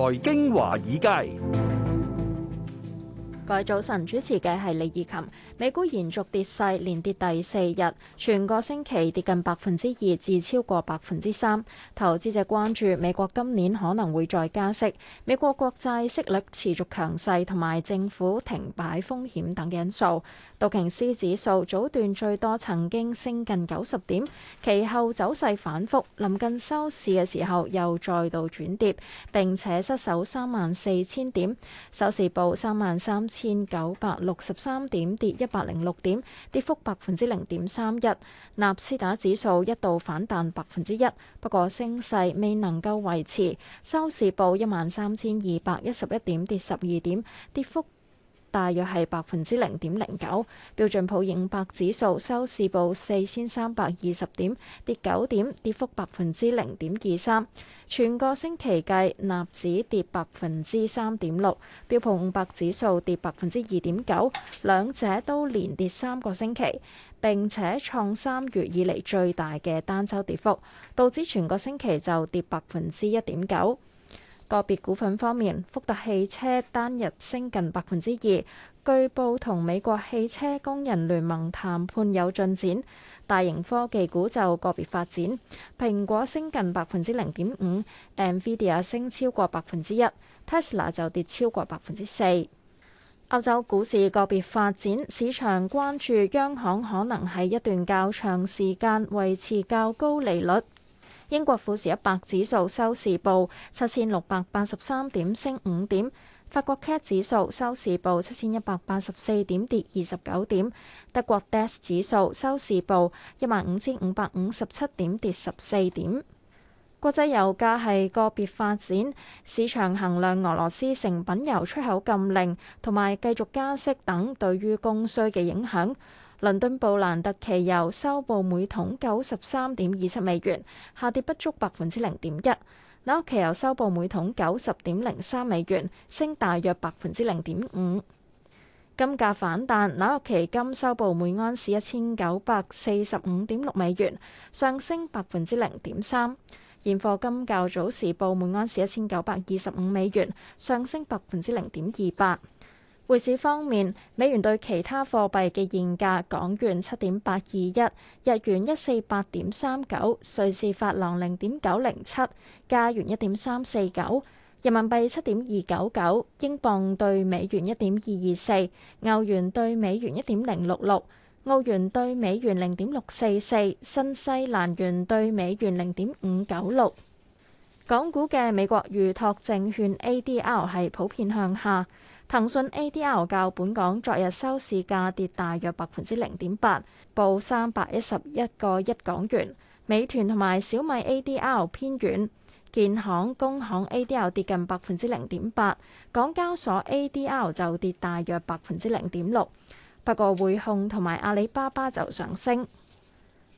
財經華爾街，各位早晨，主持嘅係李義琴。美股延續跌勢，連跌第四日，全個星期跌近百分之二至超過百分之三。投資者關注美國今年可能會再加息、美國國債息率持續強勢同埋政府停擺風險等因素。道瓊斯指數早段最多曾經升近九十點，其後走勢反覆，臨近收市嘅時候又再度轉跌，並且失守三萬四千點。收市報三萬三千九百六十三點，跌一八零六點，跌幅百分之零點三一。納斯達克指數一度反彈百分之一，不過升勢未能夠維持，收市報一萬三千二百一十一點，跌十二點，跌幅 31, 1,。大約係百分之零點零九。標準普五百指數收市報四千三百二十點，跌九點，跌幅百分之零點二三。全個星期計，納指跌百分之三點六，標普五百指數跌百分之二點九，兩者都連跌三個星期，並且創三月以嚟最大嘅單周跌幅，導致全個星期就跌百分之一點九。個別股份方面，福特汽車單日升近百分之二，據報同美國汽車工人聯盟談判有進展。大型科技股就個別發展，蘋果升近百分之零點五，NVIDIA 升超過百分之一，Tesla 就跌超過百分之四。歐洲股市個別發展，市場關注央行可能喺一段較長時間維持較高利率。英國富時一百指數收市報七千六百八十三點，升五點。法國 CAC 指數收市報七千一百八十四點，跌二十九點。德國 DAX 指數收市報一萬五千五百五十七點，跌十四點。國際油價係個別發展，市場衡量俄羅斯成品油出口禁令同埋繼續加息等對於供需嘅影響。倫敦布蘭特期油收報每桶九十三點二七美元，下跌不足百分之零點一。紐約期油收報每桶九十點零三美元，升大約百分之零點五。金價反彈，紐約期金收報每安士一千九百四十五點六美元，上升百分之零點三。現貨金較早時報每安士一千九百二十五美元，上升百分之零點二八。匯市方面，美元對其他貨幣嘅現價：港元七點八二一，日元一四八點三九，瑞士法郎零點九零七，加元一點三四九，人民幣七點二九九，英鎊對美元一點二二四，歐元對美元一點零六六，澳元對美元零點六四四，新西蘭元對美元零點五九六。港股嘅美國預託證券 ADR 係普遍向下，騰訊 ADR 較本港昨日收市價跌大約百分之零點八，報三百一十一個一港元。美團同埋小米 ADR 偏軟，建行、工行 ADR 跌近百分之零點八，港交所 ADR 就跌大約百分之零點六。不過匯控同埋阿里巴巴就上升。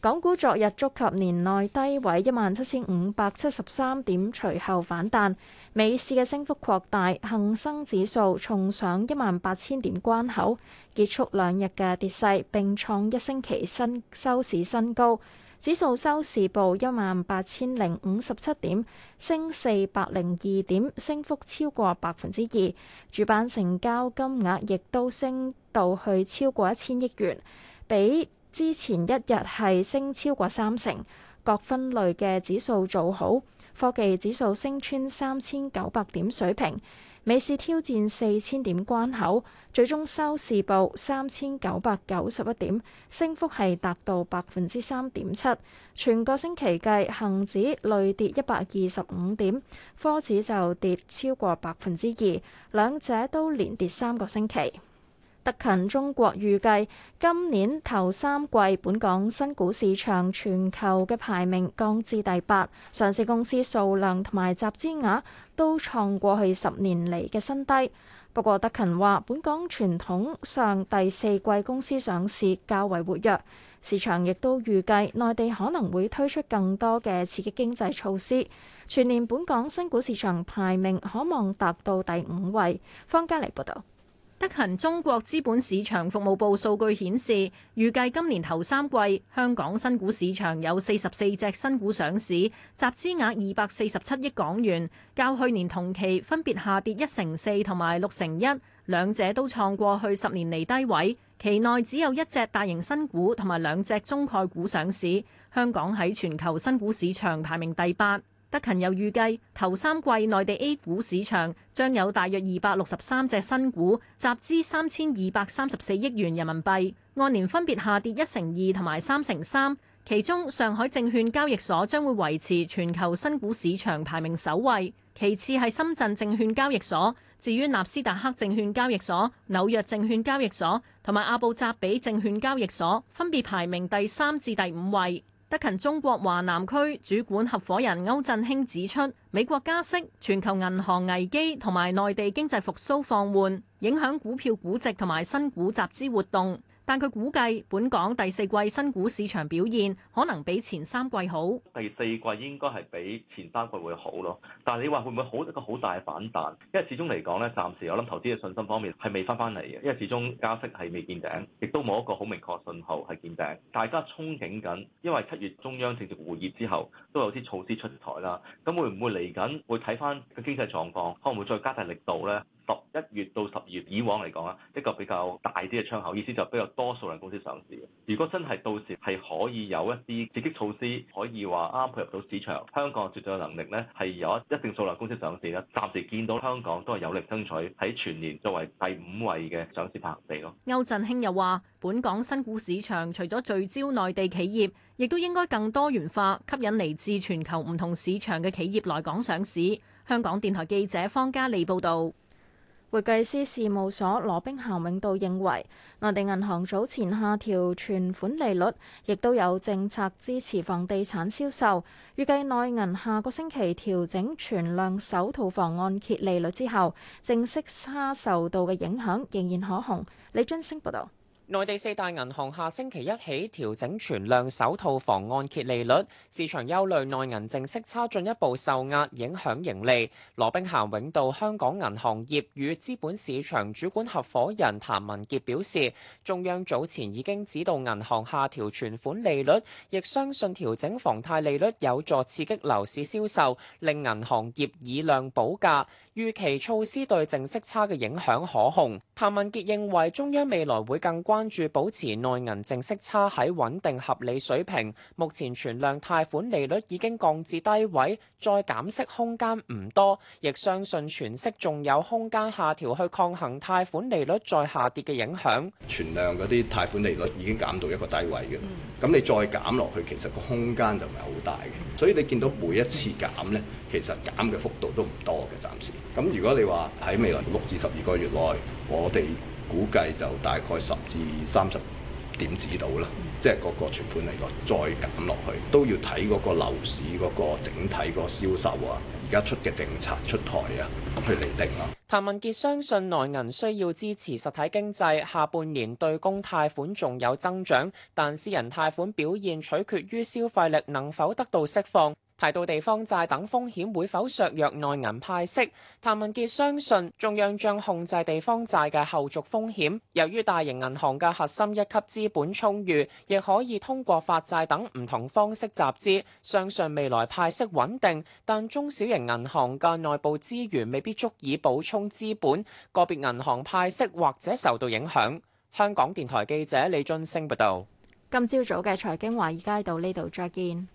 港股昨日觸及年內低位一萬七千五百七十三點，隨後反彈。美市嘅升幅擴大，恒生指數重上一萬八千點關口，結束兩日嘅跌勢，並創一星期新收市新高。指數收市報一萬八千零五十七點，升四百零二點，升幅超過百分之二。主板成交金額亦都升到去超過一千億元，比。之前一日係升超過三成，各分類嘅指數做好，科技指數升穿三千九百點水平，美市挑戰四千點關口，最終收市報三千九百九十一點，升幅係達到百分之三點七。全個星期計，恒指累跌一百二十五點，科指就跌超過百分之二，兩者都連跌三個星期。德勤中國預計今年頭三季本港新股市場全球嘅排名降至第八，上市公司數量同埋集資額都創過去十年嚟嘅新低。不過，德勤話本港傳統上第四季公司上市較為活躍，市場亦都預計內地可能會推出更多嘅刺激經濟措施，全年本港新股市場排名可望達到第五位。方嘉莉報道。德勤中國資本市場服務部數據顯示，預計今年頭三季香港新股市場有四十四隻新股上市，集資額二百四十七億港元，較去年同期分別下跌一成四同埋六成一，兩者都創過去十年嚟低位。期內只有一隻大型新股同埋兩隻中概股上市，香港喺全球新股市場排名第八。德勤又預計，頭三季內地 A 股市場將有大約二百六十三隻新股集資三千二百三十四億元人民幣，按年分別下跌一成二同埋三成三。其中，上海證券交易所將會維持全球新股市場排名首位，其次係深圳證券交易所。至於納斯達克證券交易所、紐約證券交易所同埋阿布扎比證券交易所，分別排名第三至第五位。德勤中國華南區主管合伙人歐振興指出，美國加息、全球銀行危機同埋內地經濟復蘇放緩，影響股票估值同埋新股集資活動。但佢估計，本港第四季新股市場表現可能比前三季好。第四季應該係比前三季會好咯。但係你話會唔會好一個好大嘅反彈？因為始終嚟講咧，暫時我諗投資嘅信心方面係未翻翻嚟嘅。因為始終加息係未見頂，亦都冇一個好明確信號係見頂。大家憧憬緊，因為七月中央政治會議之後都有啲措施出台啦。咁會唔會嚟緊會睇翻個經濟狀況，可能會再加大力度咧？十一月到十二月，以往嚟講啊，一個比較大啲嘅窗口，意思就比較多數量公司上市，如果真係到時係可以有一啲刺激措施，可以話啱配合到市場，香港絕對有能力咧係有一定數量公司上市啦，暫時見到香港都係有力爭取喺全年作為第五位嘅上市拍地咯。歐振興又話，本港新股市場除咗聚焦內地企業，亦都應該更多元化，吸引嚟自全球唔同市場嘅企業來港上市。香港電台記者方嘉利報道。會計師事務所羅兵咸永道認為，內地銀行早前下調存款利率，亦都有政策支持房地產銷售。預計內銀下個星期調整存量首套房按揭利率之後，正式差受到嘅影響仍然可控。李津升報道。內地四大銀行下星期一起調整存量首套房按揭利率，市場憂慮內銀淨息差進一步受壓影響盈利。羅兵咸永道香港銀行業與資本市場主管合伙人譚文傑表示，中央早前已經指導銀行下調存款利率，亦相信調整房貸利率有助刺激樓市銷售，令銀行業以量補價，預期措施對淨息差嘅影響可控。譚文傑認為中央未來會更。關注保持內銀淨息差喺穩定合理水平，目前存量貸款利率已經降至低位，再減息空間唔多，亦相信存息仲有空間下調去抗衡貸款利率再下跌嘅影響。存量嗰啲貸款利率已經減到一個低位嘅，咁你再減落去，其實個空間就唔係好大嘅。所以你見到每一次減呢，其實減嘅幅度都唔多嘅，暫時。咁如果你話喺未來六至十二個月內，我哋估計就大概十至三十點子到啦，即係個個存款利率，再減落去都要睇嗰個樓市嗰個整體個銷售啊。而家出嘅政策出台啊，去嚟定啦、啊。譚文傑相信內銀需要支持實體經濟，下半年對公貸款仲有增長，但私人貸款表現取決於消費力能否得到釋放。提到地方債等風險會否削弱內銀派息？譚文傑相信中央將控制地方債嘅後續風險。由於大型銀行嘅核心一級資本充裕，亦可以通過發債等唔同方式集資，相信未來派息穩定。但中小型銀行嘅內部資源未必足以補充資本，個別銀行派息或者受到影響。香港電台記者李俊升報道。今朝早嘅財經華爾街到呢度再見。